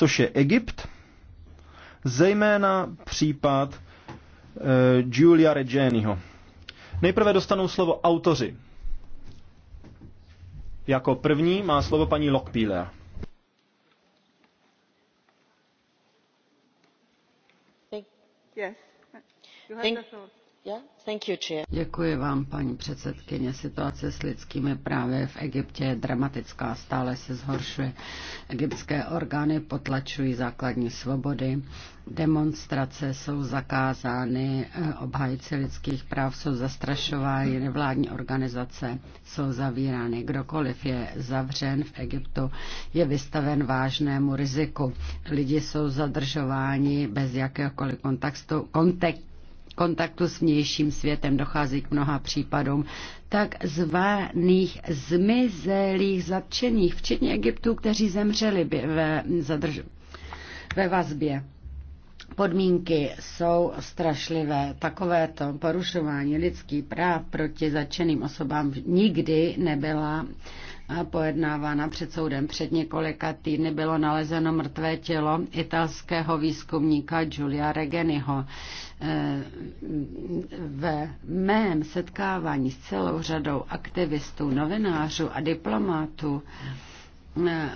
což je Egypt, zejména případ e, Giulia Reggianiho. Nejprve dostanou slovo autoři. Jako první má slovo paní Lockpiller. Yes. Děkuji vám, paní předsedkyně. Situace s lidskými právy v Egyptě je dramatická, stále se zhoršuje. Egyptské orgány potlačují základní svobody, demonstrace jsou zakázány, eh, obhájci lidských práv jsou zastrašováni, nevládní organizace jsou zavírány. Kdokoliv je zavřen v Egyptu, je vystaven vážnému riziku. Lidi jsou zadržováni bez jakéhokoliv kontextu, kontek, kontaktu s vnějším světem dochází k mnoha případům Tak zvaných zmizelých zatčených, včetně Egyptů, kteří zemřeli ve, zadrž- ve vazbě. Podmínky jsou strašlivé. Takovéto porušování lidských práv proti zatčeným osobám nikdy nebyla pojednávána před soudem. Před několika týdny bylo nalezeno mrtvé tělo italského výzkumníka Giulia Regeniho. E, ve mém setkávání s celou řadou aktivistů, novinářů a diplomátů e,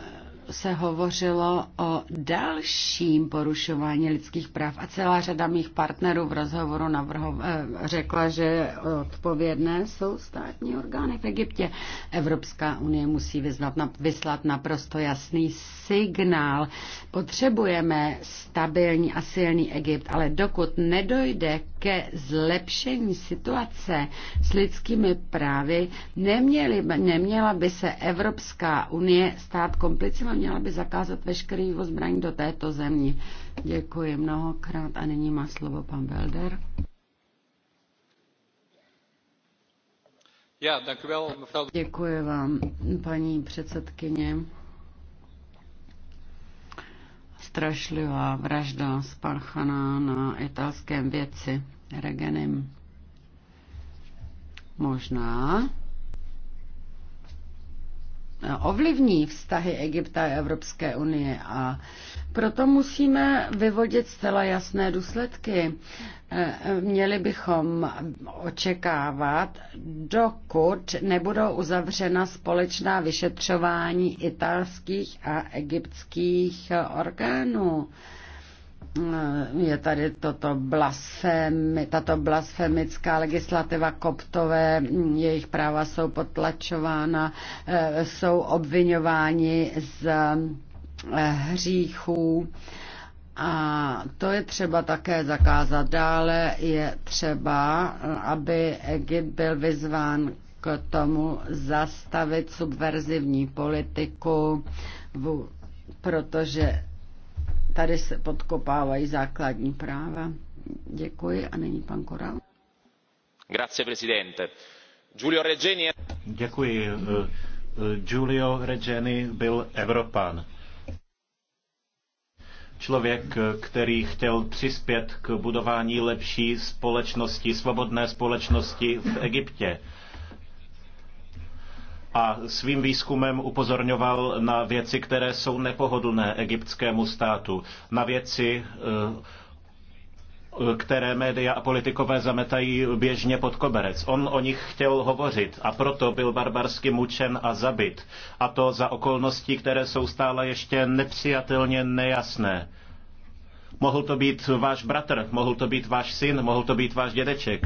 se hovořilo o dalším porušování lidských práv a celá řada mých partnerů v rozhovoru navrho, eh, řekla, že odpovědné jsou státní orgány v Egyptě. Evropská unie musí vyznat, vyslat naprosto jasný signál. Potřebujeme stabilní a silný Egypt, ale dokud nedojde ke zlepšení situace s lidskými právy, neměli, neměla by se Evropská unie stát komplicima měla by zakázat veškerý vývoz zbraní do této země. Děkuji mnohokrát a nyní má slovo pan Belder. Děkuji vám, paní předsedkyně. Strašlivá vražda spáchaná na italském věci Regenem. Možná ovlivní vztahy Egypta a Evropské unie a proto musíme vyvodit zcela jasné důsledky. Eh, měli bychom očekávat, dokud nebudou uzavřena společná vyšetřování italských a egyptských orgánů. Eh, je tady toto blasfemi, tato blasfemická legislativa koptové, hm, jejich práva jsou potlačována, eh, jsou obvinováni z eh, hříchů. A to je třeba také zakázat. Dále je třeba, aby Egypt byl vyzván k tomu zastavit subverzivní politiku, protože tady se podkopávají základní práva. Děkuji a není pan Koral. Grazie, presidente. Giulio Regeni... Děkuji. Eh, eh, Giulio Regeni byl Evropan. Člověk, eh, který chtěl přispět k budování lepší společnosti, svobodné společnosti v Egyptě a svým výzkumem upozorňoval na věci, které jsou nepohodlné egyptskému státu, na věci, eh, které média a politikové zametají běžně pod koberec. On o nich chtěl hovořit a proto byl barbarsky mučen a zabit. A to za okolnosti, které jsou stále ještě nepřijatelně nejasné. Mohl to být váš bratr, mohl to být váš syn, mohl to být váš dědeček.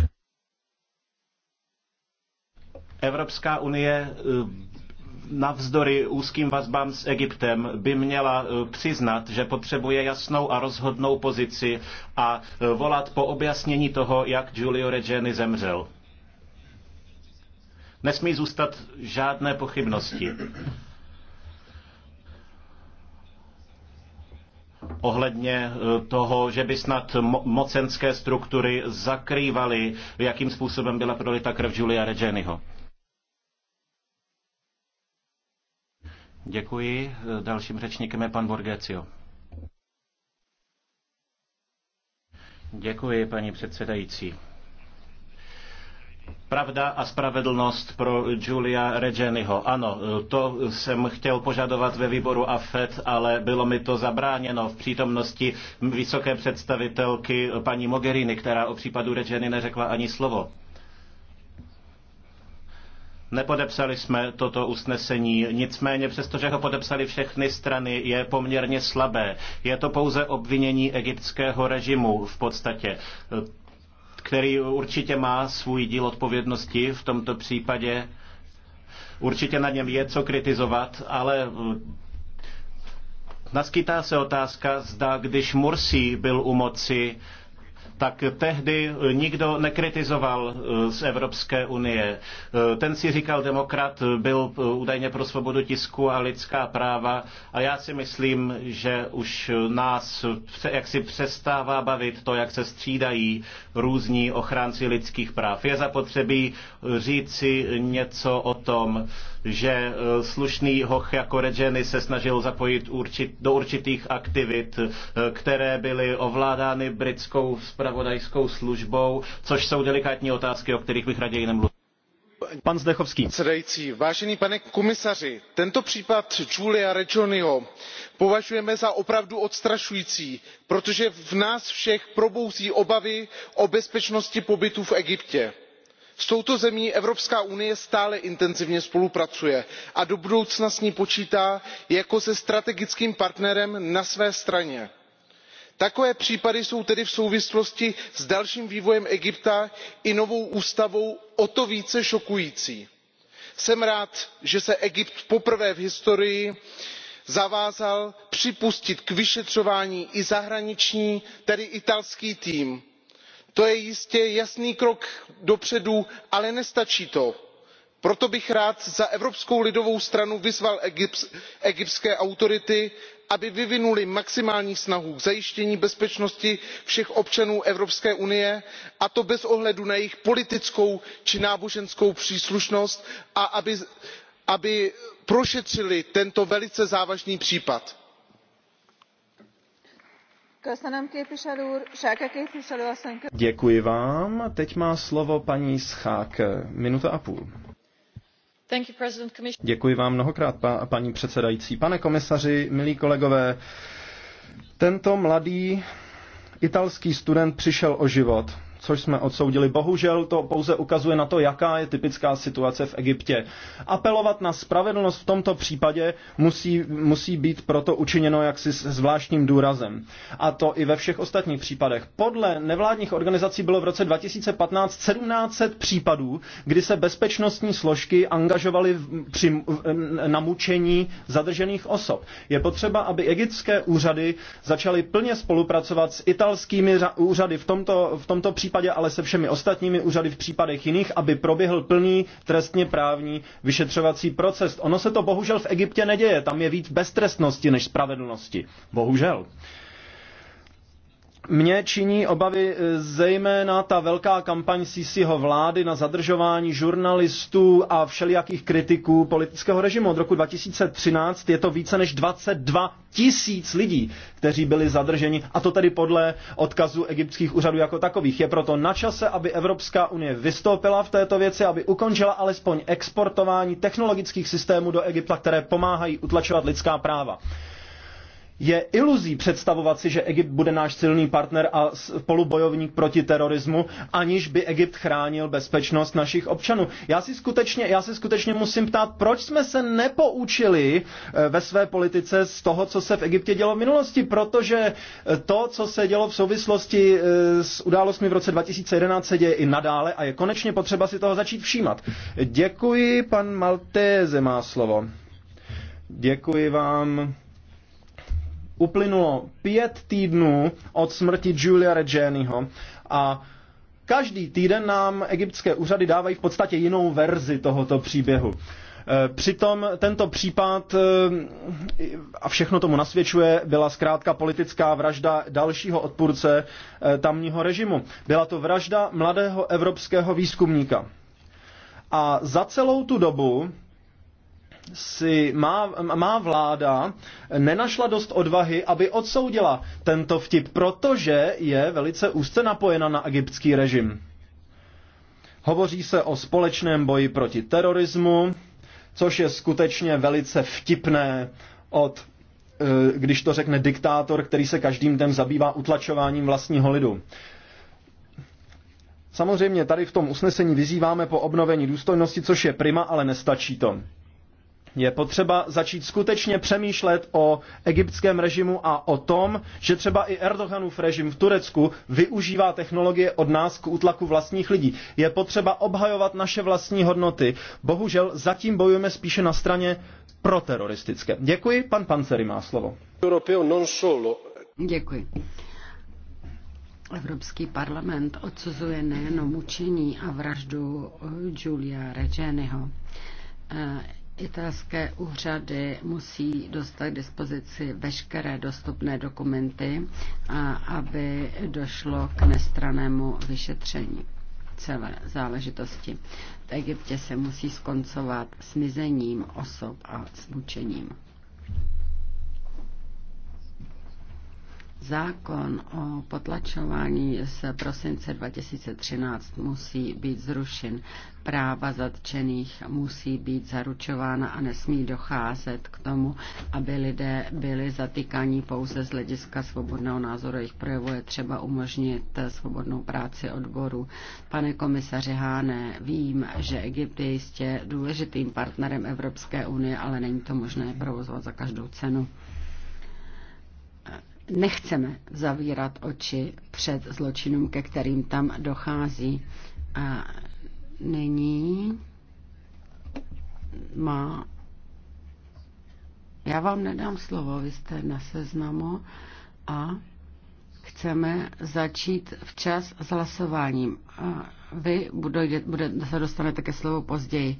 Evropská unie eh, navzdory úzkým vazbám s Egyptem by měla eh, přiznat, že potřebuje jasnou a rozhodnou pozici a eh, volat po objasnění toho, jak Giulio Regeni zemřel. Nesmí zůstat žádné pochybnosti. ohledně toho, že by snad mocenské struktury zakrývaly, jakým způsobem byla prolita krev Julia Regeniho. Děkuji. Dalším řečníkem je pan Borgecio. Děkuji, paní předsedající. Pravda a spravedlnost pro Julia Regeniho. Ano, to jsem chtěl požadovat ve výboru AFED, ale bylo mi to zabráněno v přítomnosti vysoké představitelky paní Mogherini, která o případu Regeny neřekla ani slovo. Nepodepsali jsme toto usnesení, nicméně přestože ho podepsali všechny strany, je poměrně slabé. Je to pouze obvinění egyptského režimu v podstatě který určitě má svůj díl odpovědnosti v tomto případě. Určitě na něm je co kritizovat, ale eh, naskytá se otázka, zda když Mursi byl u moci, tak tehdy nikdo nekritizoval eh, z Evropské unie. Eh, ten si říkal demokrat, byl eh, údajně pro svobodu tisku a lidská práva a já si myslím, že už nás jaksi přestává bavit to, jak se střídají různí ochránci lidských práv. Je zapotřebí říci něco o tom, že eh, slušný hoch jako Regeny se snažil zapojit určit, do určitých aktivit, eh, které byly ovládány britskou spravodajskou službou, což jsou delikátní otázky, o kterých bych raději nemluvil. Pan Zdechovský. Předající, vážený pane komisaři, tento případ Julia Regioniho považujeme za opravdu odstrašující, protože v nás všech probouzí obavy o bezpečnosti pobytu v Egyptě s touto zemí evropská unie stále intenzivně spolupracuje a do budoucna s ní počítá jako se strategickým partnerem na své straně. takové případy jsou tedy v souvislosti s dalším vývojem egypta i novou ústavou o to více šokující. jsem rád že se egypt poprvé v historii zavázal připustit k vyšetřování i zahraniční tedy italský tým to je jistě jasný krok dopředu ale nestačí to. proto bych rád za evropskou lidovou stranu vyzval egyptské autority aby vyvinuly maximální snahu k zajištění bezpečnosti všech občanů evropské unie a to bez ohledu na jejich politickou či náboženskou příslušnost a aby prošetřily tento velice závažný případ. Děkuji vám. Teď má slovo paní Schák. Minuta a půl. Děkuji vám mnohokrát, paní předsedající. Pane komisaři, milí kolegové, tento mladý italský student přišel o život což jsme odsoudili. Bohužel to pouze ukazuje na to, jaká je typická situace v Egyptě. Apelovat na spravedlnost v tomto případě musí, musí být proto učiněno jaksi s zvláštním důrazem. A to i ve všech ostatních případech. Podle nevládních organizací bylo v roce 2015 1700 případů, kdy se bezpečnostní složky angažovaly při, na mučení zadržených osob. Je potřeba, aby egyptské úřady začaly plně spolupracovat s italskými úřady v tomto, v tomto případě případě, ale se všemi ostatními úřady v případech jiných, aby proběhl plný trestně právní vyšetřovací proces. Ono se to bohužel v Egyptě neděje, tam je víc beztrestnosti než spravedlnosti. Bohužel. Mně činí obavy eh, zejména ta velká kampaň Sisiho vlády na zadržování žurnalistů a všelijakých kritiků politického režimu. Od roku 2013 je to více než 22 tisíc lidí, kteří byli zadrženi, a to tedy podle odkazu egyptských úřadů jako takových. Je proto na čase, aby Evropská unie vystoupila v této věci, aby ukončila alespoň exportování technologických systémů do Egypta, které pomáhají utlačovat lidská práva. Je iluzí představovat si, že Egypt bude náš silný partner a polubojovník proti terorismu, aniž by Egypt chránil bezpečnost našich občanů. Já, si skutečně, já se skutečně musím ptát, proč jsme se nepoučili eh, ve své politice z toho, co se v Egyptě dělo v minulosti, protože eh, to, co se dělo v souvislosti eh, s událostmi v roce 2011, se děje i nadále a je konečně potřeba si toho začít všímat. Děkuji, pan Maltéze má slovo. Děkuji vám uplynulo pět týdnů od smrti Julia Regeniho a každý týden nám egyptské úřady dávají v podstatě jinou verzi tohoto příběhu. E, přitom tento případ, e, a všechno tomu nasvědčuje, byla zkrátka politická vražda dalšího odpůrce e, tamního režimu. Byla to vražda mladého evropského výzkumníka. A za celou tu dobu si má, má vláda nenašla dost odvahy, aby odsoudila tento vtip, protože je velice úzce napojena na egyptský režim. Hovoří se o společném boji proti terorismu, což je skutečně velice vtipné od, eh, když to řekne diktátor, který se každým dnem zabývá utlačováním vlastního lidu. Samozřejmě tady v tom usnesení vyzýváme po obnovení důstojnosti, což je prima, ale nestačí to je potřeba začít skutečně přemýšlet o egyptském režimu a o tom, že třeba i Erdoganův režim v Turecku využívá technologie od nás k útlaku vlastních lidí. Je potřeba obhajovat naše vlastní hodnoty. Bohužel zatím bojujeme spíše na straně proteroristické. Děkuji, pan Panceri má slovo. Děkuji. Evropský parlament odsuzuje nejenom mučení a vraždu Julia Regeniho Italské úřady musí dostat k dispozici veškeré dostupné dokumenty, a aby došlo k nestranému vyšetření celé záležitosti. V Egyptě se musí skoncovat s mizením osob a s mučením. Zákon o potlačování z prosince 2013 musí být zrušen. Práva zatčených musí být zaručována a nesmí docházet k tomu, aby lidé byli zatýkáni pouze z hlediska svobodného názoru. Jejich projevu je třeba umožnit svobodnou práci odboru. Pane komisaři Háne, vím, že Egypt je jistě důležitým partnerem Evropské unie, ale není to možné provozovat za každou cenu. Nechceme zavírat oči před zločinům, ke kterým tam dochází. A nyní má. Já vám nedám slovo, vy jste na seznamu a chceme začít včas s hlasováním. Vy bude, budete, se dostanete ke slovu později.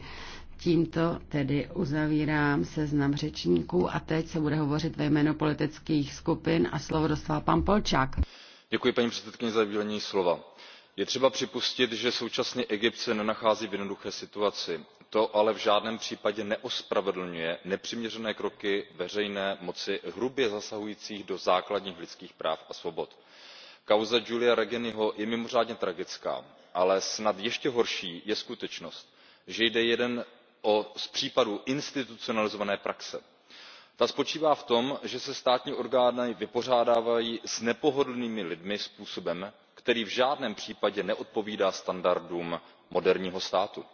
Tímto tedy uzavírám seznam řečníků a teď se bude hovořit ve jménu politických skupin a slovo dostal pan Polčák. Děkuji paní předsedkyně za udělení slova. Je třeba připustit, že současný Egypt se nenachází v jednoduché situaci. To ale v žádném případě neospravedlňuje nepřiměřené kroky veřejné moci hrubě zasahujících do základních lidských práv a svobod. Kauza Giulia Regeniho je mimořádně tragická, ale snad ještě horší je skutečnost, že jde jeden z případů institucionalizované praxe. ta spočívá v tom že se státní orgány vypořádávají s nepohodlnými lidmi způsobem který v žádném případě neodpovídá standardům moderního státu.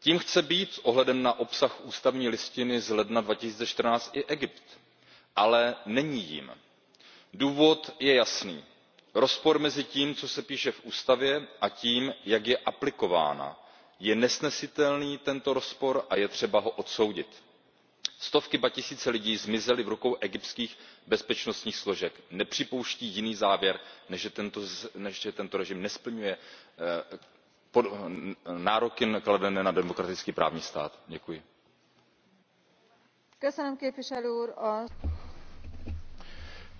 tím chce být s ohledem na obsah ústavní listiny z ledna two thousand and fourteen i egypt ale není jím. důvod je jasný rozpor mezi tím co se píše v ústavě a tím jak je aplikována je nesnesitelný tento rozpor a je třeba ho odsoudit. stovky ba tisíce lidí zmizely v rukou egyptských bezpečnostních složek. nepřipouští jiný závěr než že tento režim nesplňuje eh, nároky kladené na demokratický právní stát. děkuji.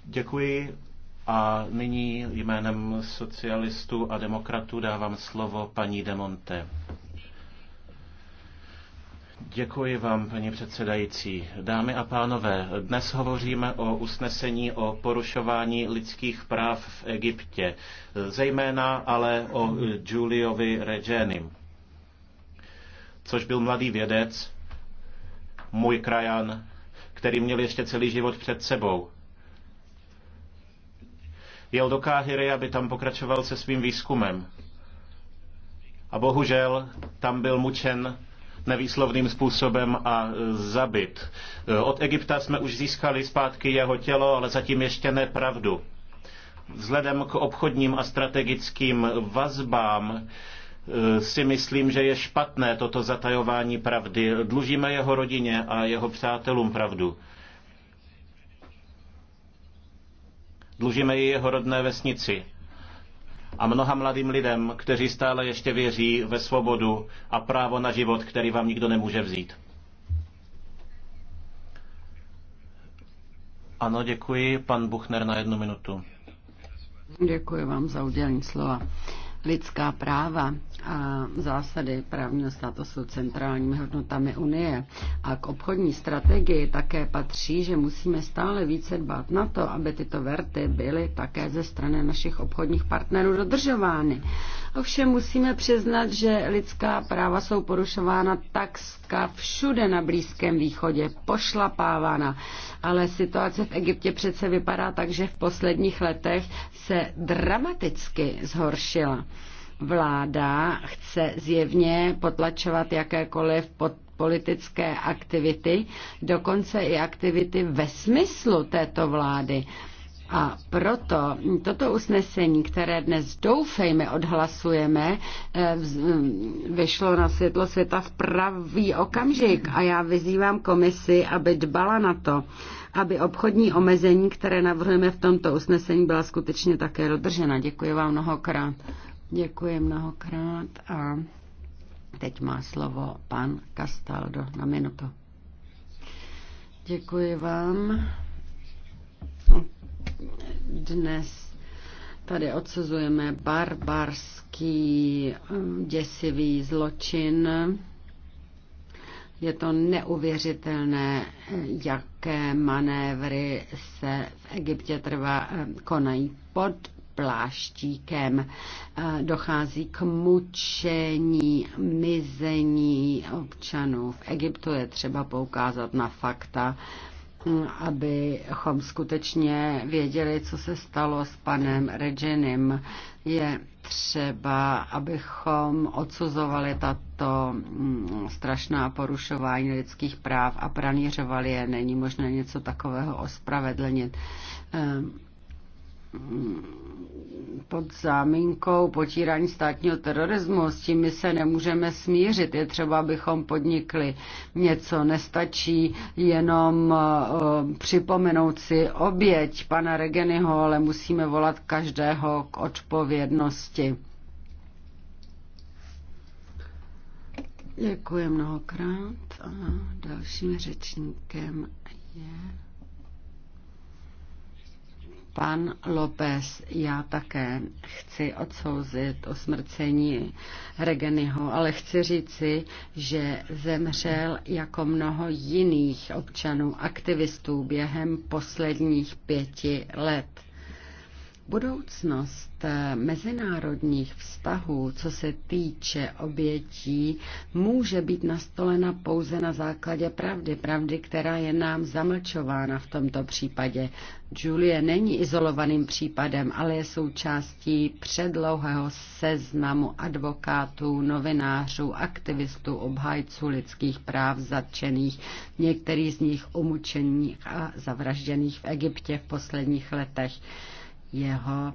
děkuji a nyní jménem socialistů a demokratů dávám slovo paní de Děkuji vám, paní předsedající. Dámy a pánové, dnes hovoříme o usnesení o porušování lidských práv v Egyptě, zejména ale o Giuliovi Regenim, což byl mladý vědec, můj krajan, který měl ještě celý život před sebou. Jel do Káhyry, aby tam pokračoval se svým výzkumem. A bohužel tam byl mučen nevýslovným způsobem a e, zabit. E, od Egypta jsme už získali zpátky jeho tělo, ale zatím ještě ne pravdu. Vzhledem k obchodním a strategickým vazbám e, si myslím, že je špatné toto zatajování pravdy. Dlužíme jeho rodině a jeho přátelům pravdu. Dlužíme ji jeho rodné vesnici a mnoha mladým lidem, kteří stále ještě věří ve svobodu a právo na život, který vám nikdo nemůže vzít. Ano, děkuji. Pan Buchner na jednu minutu. Děkuji vám za udělení slova. Lidská práva a zásady právního státu jsou centrálními hodnotami Unie. A k obchodní strategii také patří, že musíme stále více dbát na to, aby tyto verty byly také ze strany našich obchodních partnerů dodržovány. Ovšem musíme přiznat, že lidská práva jsou porušována tak všude na Blízkém východě, pošlapávána. Ale situace v Egyptě přece vypadá tak, že v posledních letech se dramaticky zhoršila vláda chce zjevně potlačovat jakékoliv pod politické aktivity, dokonce i aktivity ve smyslu této vlády. A proto toto usnesení, které dnes doufejme odhlasujeme, eh, mm, vyšlo na světlo světa v pravý okamžik a já vyzývám komisi, aby dbala na to, aby obchodní omezení, které navrhujeme v tomto usnesení, byla skutečně také dodržena. Děkuji vám mnohokrát. Děkuji mnohokrát a teď má slovo pan Castaldo na minutu. Děkuji vám. Dnes tady odsuzujeme barbarský eh, děsivý zločin. Je to neuvěřitelné, jaké manévry se v Egyptě trvá, eh, konají pod pláštíkem. Dochází k mučení, mizení občanů. V Egyptu je třeba poukázat na fakta, abychom skutečně věděli, co se stalo s panem Regenim. Je třeba, abychom odsuzovali tato mm, strašná porušování lidských práv a pranířovali je. Není možné něco takového ospravedlnit. Ehm, Hmm, pod záminkou potírání státního terorismu. S tím my se nemůžeme smířit. Je třeba, abychom podnikli něco. Nestačí jenom eh, připomenout si oběť pana Regenyho, ale musíme volat každého k odpovědnosti. Děkuji mnohokrát a dalším řečníkem je Pan López, já také chci odsouzit osmrcení Regenyho, ale chci říci, že zemřel jako mnoho jiných občanů, aktivistů během posledních pěti let. Budoucnost eh, mezinárodních vztahů, co se týče obětí, může být nastolena pouze na základě pravdy, pravdy, která je nám zamlčována v tomto případě. Julie není izolovaným případem, ale je součástí předlouhého seznamu advokátů, novinářů, aktivistů, obhajců lidských práv zatčených, některých z nich umučených a zavražděných v Egyptě v posledních letech. Jeho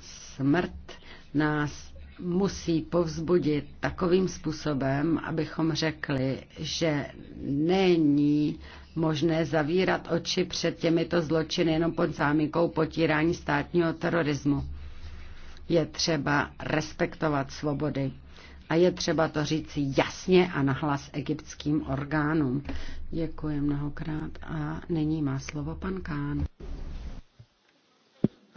smrt nás musí povzbudit takovým způsobem, abychom řekli, že není možné zavírat oči před těmito zločiny jenom pod záminkou potírání státního terorismu. Je třeba respektovat svobody. A je třeba to říci jasně a nahlas egyptským orgánům. Děkuji mnohokrát a nyní má slovo pan Kán.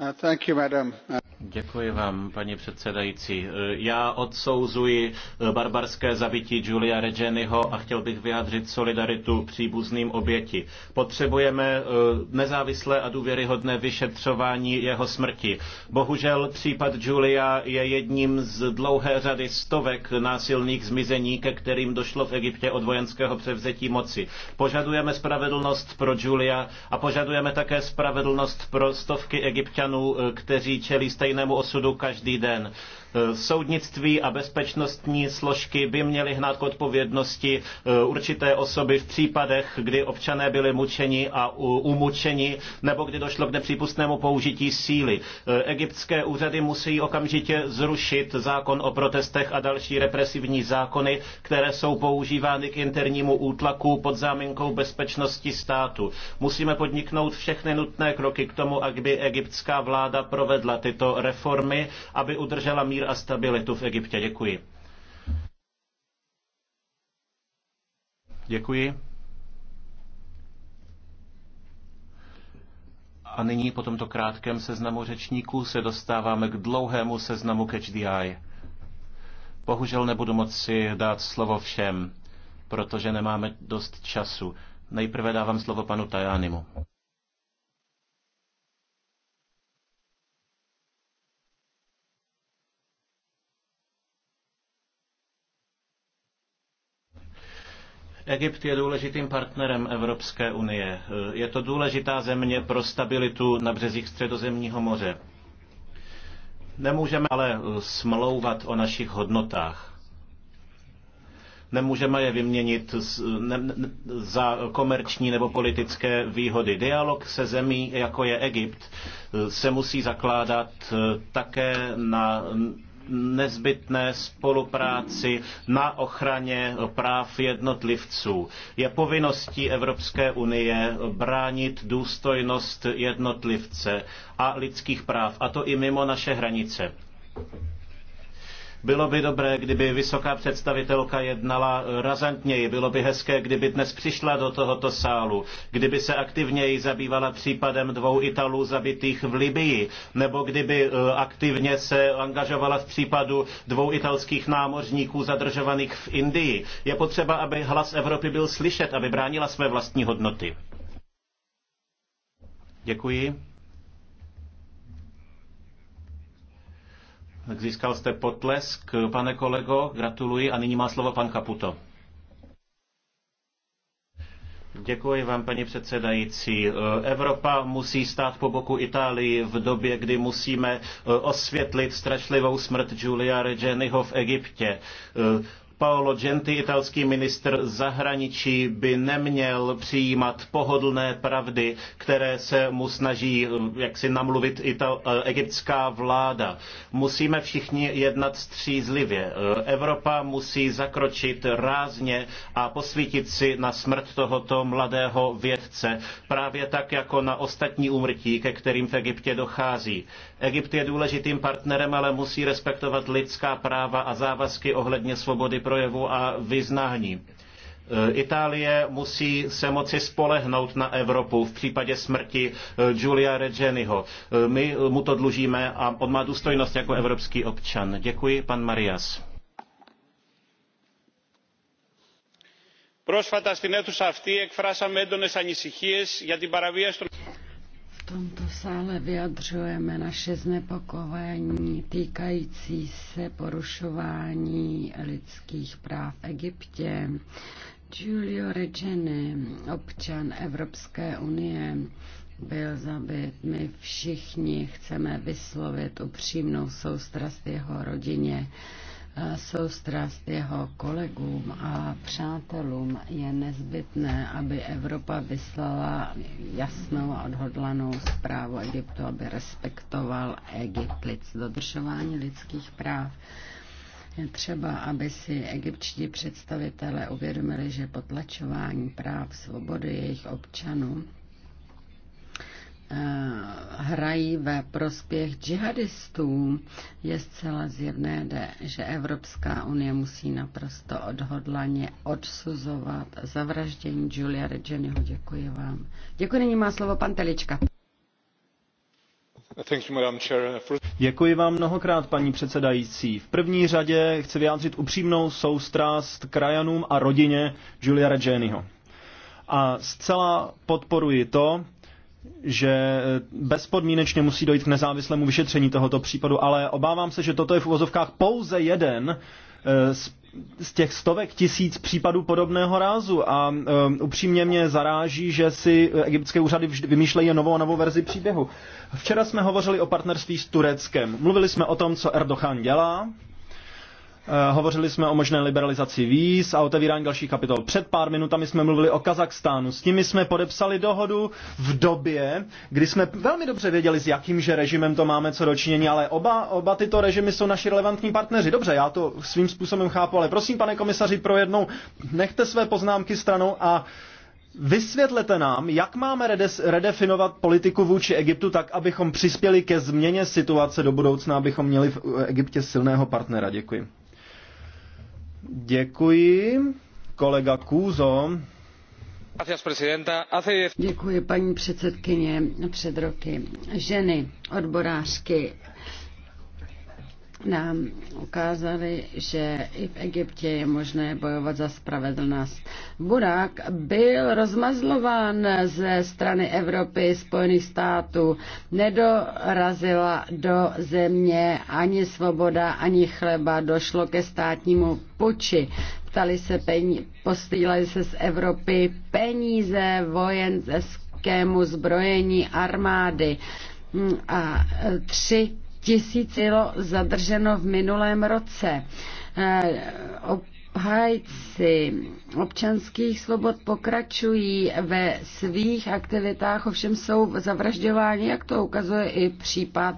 Uh, thank you, uh, Děkuji vám, paní předsedající. Já odsouzuji eh, barbarské zabití Julia Regeniho a chtěl bych vyjádřit solidaritu příbuzným oběti. Potřebujeme eh, nezávislé a důvěryhodné vyšetřování jeho smrti. Bohužel případ Julia je jedním z dlouhé řady stovek násilných zmizení, ke kterým došlo v Egyptě od vojenského převzetí moci. Požadujeme spravedlnost pro Julia a požadujeme také spravedlnost pro stovky egyptianů, eh, kteří čelí stejné stejnému osudu každý den. Soudnictví a bezpečnostní složky by měly hnát k odpovědnosti eh, určité osoby v případech, kdy občané byli mučeni a umučeni, nebo kdy došlo k nepřípustnému použití síly. Eh, egyptské úřady musí okamžitě zrušit zákon o protestech a další represivní zákony, které jsou používány k internímu útlaku pod záminkou bezpečnosti státu. Musíme podniknout všechny nutné kroky k tomu, aby egyptská vláda provedla tyto reformy, aby udržela mír mír a stabilitu v Egyptě. Děkuji. Děkuji. A nyní po tomto krátkém seznamu řečníků se dostáváme k dlouhému seznamu Catch the Eye. Bohužel nebudu moci dát slovo všem, protože nemáme dost času. Nejprve dávám slovo panu Tajánimu. Egypt je důležitým partnerem Evropské unie. Je to důležitá země pro stabilitu na březích Středozemního moře. Nemůžeme ale eh, smlouvat o našich hodnotách nemůžeme je vyměnit eh, za komerční nebo politické výhody. Dialog se zemí, jako je Egypt, eh, se musí zakládat také na nezbytné spolupráci na ochraně práv jednotlivců. Je povinností Evropské unie bránit důstojnost jednotlivce a lidských práv, a to i mimo naše hranice. Bylo by dobré, kdyby vysoká představitelka jednala razantněji. Bylo by hezké, kdyby dnes přišla do tohoto sálu, kdyby se aktivněji zabývala případem dvou Italů zabitých v Libyi, nebo kdyby e, aktivně se angažovala v případu dvou italských námořníků zadržovaných v Indii. Je potřeba, aby hlas Evropy byl slyšet, aby bránila své vlastní hodnoty. Děkuji. Tak získal jste potlesk, pane kolego, gratuluji a nyní má slovo pan Kaputo. Děkuji vám, paní předsedající. Evropa musí stát po boku Itálii v době, kdy musíme eh, osvětlit strašlivou smrt Giulia Reggianiho v Egyptě eh, Paolo Genti, italský ministr zahraničí, by neměl přijímat pohodlné pravdy, které se mu snaží eh, jak si namluvit ital, eh, egyptská vláda. Musíme všichni jednat střízlivě. Eh, Evropa musí zakročit rázně a posvítit si na smrt tohoto mladého vědce, právě tak jako na ostatní úmrtí, ke kterým v Egyptě dochází. Egypt je důležitým partnerem, ale musí respektovat lidská práva a závazky ohledně svobody projevu a vyznání. E, Itálie musí se moci spolehnout na Evropu v případě smrti e, Giulia Regeniho. E, My mu to dlužíme a on má důstojnost jako evropský občan. Děkuji, pan Marias. Πρόσφατα στην αίθουσα αυτή εκφράσαμε έντονες ανησυχίες για την παραβίαση των tomto sále vyjadřujeme naše znepokojení týkající se porušování lidských práv v Egyptě. Giulio Regeni, občan Evropské unie, byl zabit. My všichni chceme vyslovit upřímnou soustrast jeho rodině soustrast jeho kolegům a přátelům je nezbytné, aby Evropa vyslala jasnou a odhodlanou zprávu Egyptu, aby respektoval Egypt lid, dodržování lidských práv. Je třeba, aby si egyptští představitelé uvědomili, že potlačování práv svobody jejich občanů Eh, hrají ve prospěch džihadistů, je zcela zjevné, že Evropská unie musí naprosto odhodlaně odsuzovat zavraždění Julia Regeniho. Děkuji vám. Děkuji, nyní má slovo pan Telička. Děkuji vám mnohokrát, paní předsedající. V první řadě chci vyjádřit upřímnou soustrast krajanům a rodině Julia Regeniho. A zcela podporuji to, že eh, bezpodmínečně musí dojít k nezávislému vyšetření tohoto případu, ale obávám se, že toto je v uvozovkách pouze jeden eh, z z těch stovek tisíc případů podobného rázu a um, upřímně mě zaráží, že si egyptské úřady vždy vymýšlejí novou a novou verzi příběhu. Včera jsme hovořili o partnerství s Tureckem. Mluvili jsme o tom, co Erdogan dělá, Eh, hovořili jsme o možné liberalizaci víz a otevírání dalších kapitol. Před pár minutami jsme mluvili o Kazachstánu. S nimi jsme podepsali dohodu v době, kdy jsme velmi dobře věděli, s že režimem to máme co dočinění, ale oba, oba tyto režimy jsou naši relevantní partneři. Dobře, já to svým způsobem chápu, ale prosím, pane komisaři, pro jednou nechte své poznámky stranou a Vysvětlete nám, jak máme redefinovat politiku vůči Egyptu tak, abychom přispěli ke změně situace do budoucna, abychom měli v Egyptě silného partnera. Děkuji. Děkuji. Kolega Kůzo. Děkuji, paní předsedkyně. Před roky ženy, odborářky, nám ukázali, že i v Egyptě je možné bojovat za spravedlnost. Burák byl rozmazlován ze strany Evropy, Spojených států. Nedorazila do země ani svoboda, ani chleba. Došlo ke státnímu puči ptali se peníze, posílali se z Evropy peníze vojenskému zbrojení armády a tři tisíc bylo zadrženo v minulém roce. E, obhájci občanských svobod pokračují ve svých aktivitách, ovšem jsou zavražďováni, jak to ukazuje i případ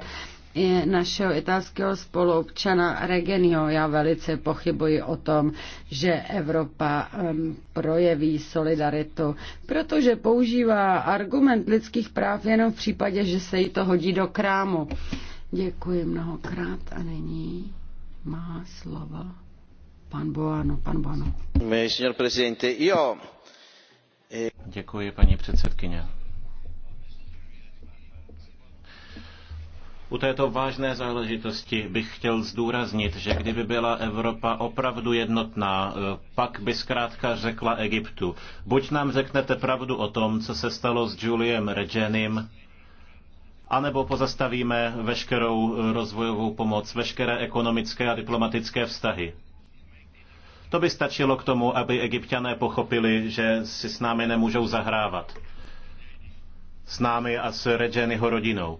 i našeho italského spoluobčana Regenio. Já velice pochybuji o tom, že Evropa um, projeví solidaritu, protože používá argument lidských práv jenom v případě, že se jí to hodí do krámu. Uh, Děkuji mnohokrát a nyní má slova pan Boano. Pan Boano. Eh, Děkuji, paní předsedkyně. U této vážné záležitosti bych chtěl zdůraznit, že kdyby byla Evropa opravdu jednotná, eh, pak by zkrátka řekla Egyptu. Buď nám řeknete pravdu o tom, co se stalo s Juliem Regenim, anebo pozastavíme veškerou rozvojovou pomoc, veškeré ekonomické a diplomatické vztahy. To by stačilo k tomu, aby egyptiané pochopili, že si s námi nemůžou zahrávat. S námi a s Regenyho rodinou.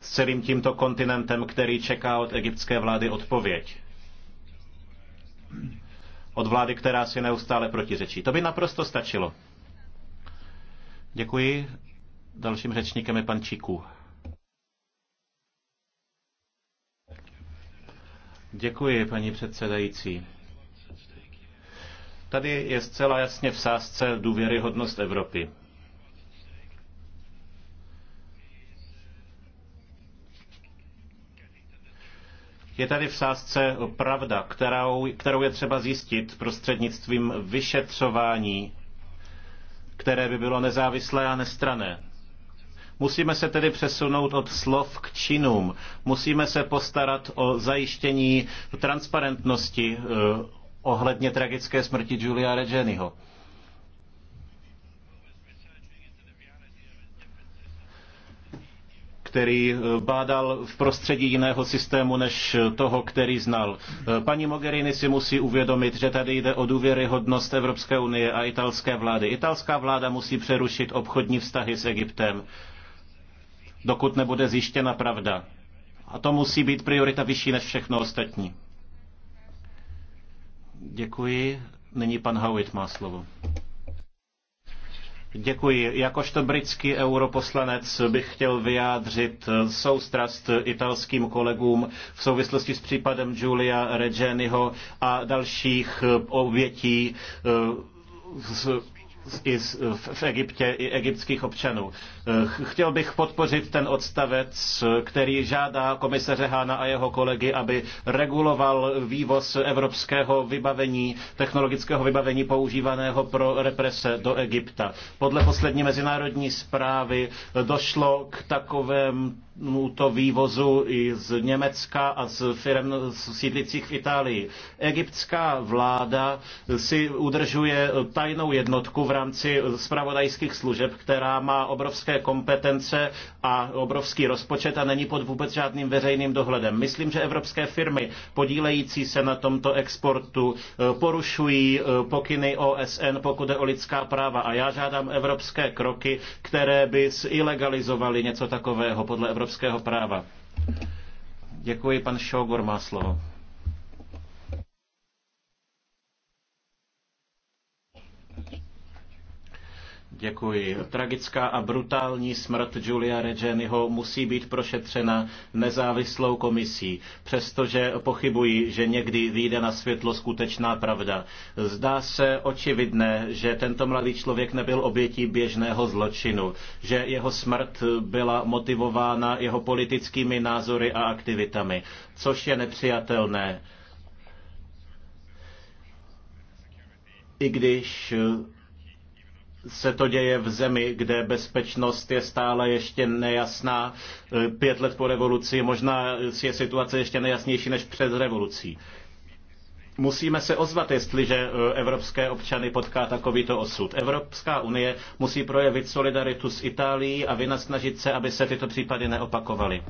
S celým tímto kontinentem, který čeká od egyptské vlády odpověď. Od vlády, která si neustále protiřečí. To by naprosto stačilo. Děkuji. Dalším řečníkem je pan Čiku. Děkuji, paní předsedající. Tady je zcela jasně v sázce důvěryhodnost Evropy. Je tady v sázce pravda, kterou, kterou je třeba zjistit prostřednictvím vyšetřování, které by bylo nezávislé a nestrané. Musíme se tedy přesunout od slov k činům. Musíme se postarat o zajištění transparentnosti eh, ohledně tragické smrti Julia Regeniho. který eh, bádal v prostředí jiného systému než toho, který znal. Eh, paní Mogherini si musí uvědomit, že tady jde o důvěryhodnost Evropské unie a italské vlády. Italská vláda musí přerušit obchodní vztahy s Egyptem dokud nebude zjištěna pravda. A to musí být priorita vyšší než všechno ostatní. Děkuji. Nyní pan Howitt má slovo. Děkuji. Jakožto britský europoslanec bych chtěl vyjádřit soustrast italským kolegům v souvislosti s případem Giulia Reggianiho a dalších obětí eh, z i v Egyptě i egyptských občanů. Eh, chtěl bych podpořit ten odstavec, který žádá komisaře Hána a jeho kolegy, aby reguloval vývoz evropského vybavení, technologického vybavení používaného pro represe do Egypta. Podle poslední mezinárodní zprávy eh, došlo k takovému to vývozu i z Německa a z firm sídlicích v Itálii. Egyptská vláda si udržuje tajnou jednotku v rámci spravodajských služeb, která má obrovské kompetence a obrovský rozpočet a není pod vůbec žádným veřejným dohledem. Myslím, že evropské firmy podílející se na tomto exportu eh, porušují eh, pokyny OSN, pokud jde o lidská práva. A já žádám evropské kroky, které by ilegalizovaly něco takového podle evropského práva. Děkuji, pan Šogor má slovo. Děkuji. Tragická a brutální smrt Julia Regeniho musí být prošetřena nezávislou komisí, přestože pochybuji, že někdy vyjde na světlo skutečná pravda. Zdá se očividné, že tento mladý člověk nebyl obětí běžného zločinu, že jeho smrt byla motivována jeho politickými názory a aktivitami, což je nepřijatelné. I když se to děje v zemi, kde bezpečnost je stále ještě nejasná. Pět let po revoluci možná je situace ještě nejasnější než před revolucí. Musíme se ozvat, jestliže e, evropské občany potká takovýto osud. Evropská unie musí projevit solidaritu s Itálií a vynasnažit se, aby se tyto případy neopakovaly.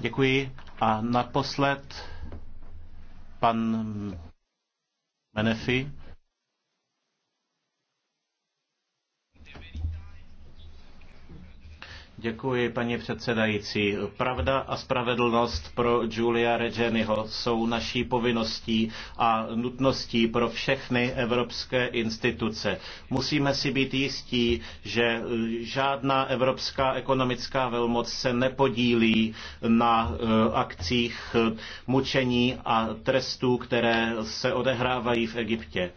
Děkuji. A naposled pan Menefi. Děkuji, paní předsedající. Pravda a spravedlnost pro Julia Regeniho jsou naší povinností a nutností pro všechny evropské instituce. Musíme si být jistí, že žádná evropská ekonomická velmoc se nepodílí na eh, akcích eh, mučení a trestů, které se odehrávají v Egyptě.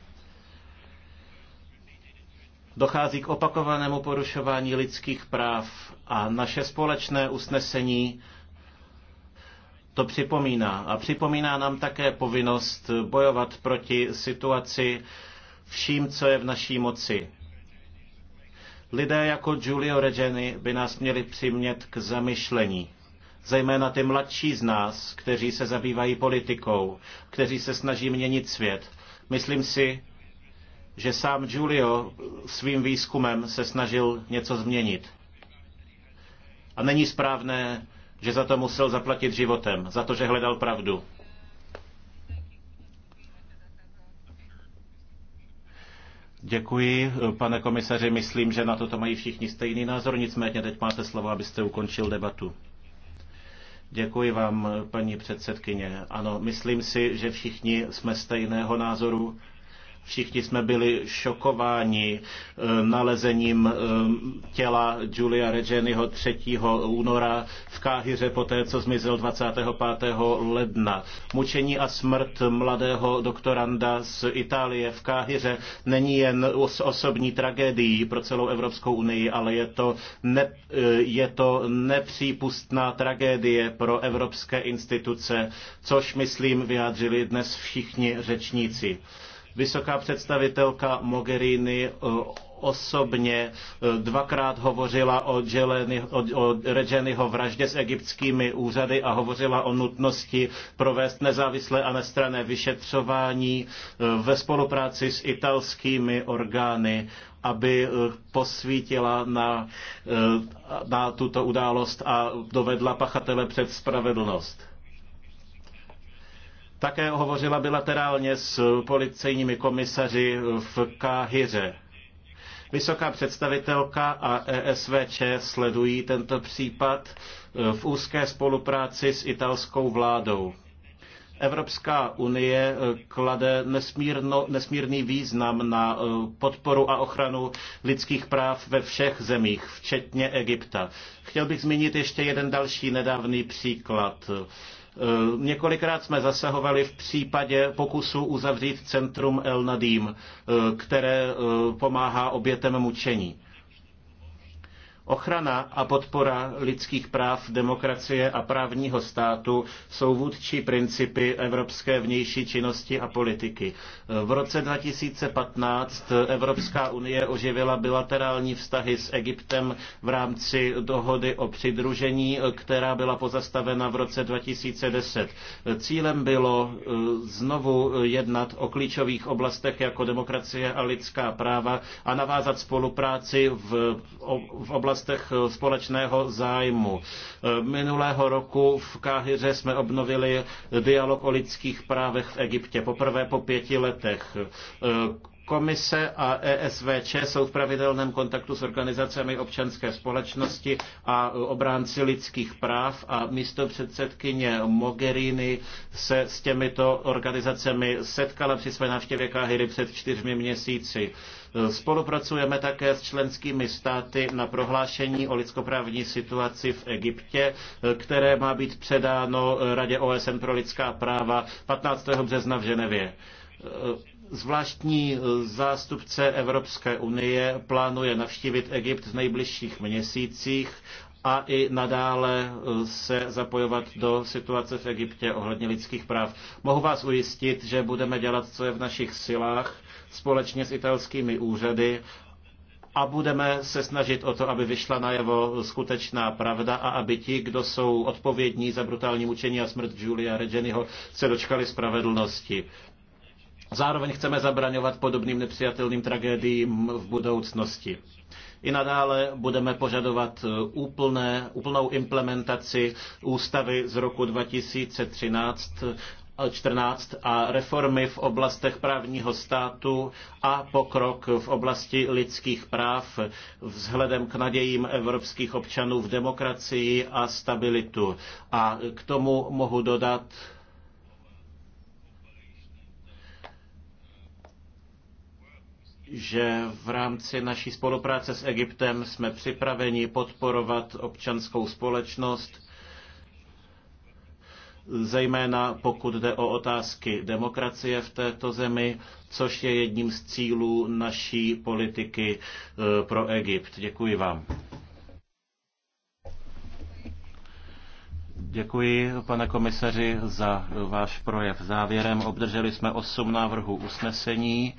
Dochází k opakovanému porušování lidských práv a naše společné usnesení to připomíná. A připomíná nám také povinnost bojovat proti situaci vším, co je v naší moci. Lidé jako Giulio Regeni by nás měli přimět k zamyšlení. Zejména ty mladší z nás, kteří se zabývají politikou, kteří se snaží měnit svět. Myslím si, že sám Giulio svým výzkumem se snažil něco změnit. A není správné, že za to musel zaplatit životem, za to, že hledal pravdu. Děkuji, pane komisaři. Myslím, že na toto mají všichni stejný názor, nicméně teď máte slovo, abyste ukončil debatu. Děkuji vám, paní předsedkyně. Ano, myslím si, že všichni jsme stejného názoru Všichni jsme byli šokováni eh, nalezením eh, těla Julia Regeniho 3. února v Káhyře poté, co zmizel 25. ledna. Mučení a smrt mladého doktoranda z Itálie v Káhyře není jen osobní tragédií pro celou Evropskou unii, ale je to, ne, eh, je to nepřípustná tragédie pro evropské instituce, což, myslím, vyjádřili dnes všichni řečníci. Vysoká představitelka Mogherini eh, osobně eh, dvakrát hovořila o, Jeleny, o, o Regeniho vraždě s egyptskými úřady a hovořila o nutnosti provést nezávislé a nestranné vyšetřování eh, ve spolupráci s italskými orgány aby posvítila na, na tuto událost a dovedla pachatele před spravedlnost. Také hovořila bilaterálně s policejními komisaři v Káhyře. Vysoká představitelka a ESVČ sledují tento případ v úzké spolupráci s italskou vládou. Evropská unie klade nesmírno, nesmírný význam na podporu a ochranu lidských práv ve všech zemích, včetně Egypta. Chtěl bych zmínit ještě jeden další nedávný příklad. Eh, několikrát jsme zasahovali v případě pokusu uzavřít centrum El Nadim, eh, které eh, pomáhá obětem mučení. Ochrana a podpora lidských práv, demokracie a právního státu jsou vůdčí principy evropské vnější činnosti a politiky. V roce 2015 Evropská unie oživila bilaterální vztahy s Egyptem v rámci dohody o přidružení, která byla pozastavena v roce 2010. Cílem bylo eh, znovu jednat o klíčových oblastech jako demokracie a lidská práva a navázat spolupráci v, v oblasti oblastech eh, společného zájmu. Eh, minulého roku v Káhyře jsme obnovili dialog o lidských právech v Egyptě, poprvé po pěti letech. Eh, Komise a ESVČ jsou v pravidelném kontaktu s organizacemi občanské společnosti a obránci lidských práv a místo předsedkyně Mogherini se s těmito organizacemi setkala při své návštěvě Káhyry před čtyřmi měsíci. Spolupracujeme také s členskými státy na prohlášení o lidskoprávní situaci v Egyptě, které má být předáno Radě OSN pro lidská práva 15. března v Ženevě Zvláštní eh, zástupce Evropské unie plánuje navštívit Egypt v nejbližších měsících a i nadále eh, se zapojovat do situace v Egyptě ohledně lidských práv. Mohu vás ujistit, že budeme dělat, co je v našich silách, společně s italskými úřady a budeme se snažit o to, aby vyšla najevo skutečná pravda a aby ti, kdo jsou odpovědní za brutální mučení a smrt Julia Regeniho, se dočkali spravedlnosti. Zároveň chceme zabraňovat podobným nepřijatelným tragédiím v budoucnosti. I nadále budeme požadovat e, úplné, úplnou implementaci ústavy z roku 2013 14 e, a reformy v oblastech právního státu a pokrok v oblasti lidských práv vzhledem k nadějím evropských občanů v demokracii a stabilitu. A k tomu mohu dodat že v rámci naší spolupráce s Egyptem jsme připraveni podporovat občanskou společnost, zejména pokud jde o otázky demokracie v této zemi, což je jedním z cílů naší politiky e, pro Egypt. Děkuji vám. Děkuji, pane komisaři, za váš projev. Závěrem obdrželi jsme osm návrhů usnesení.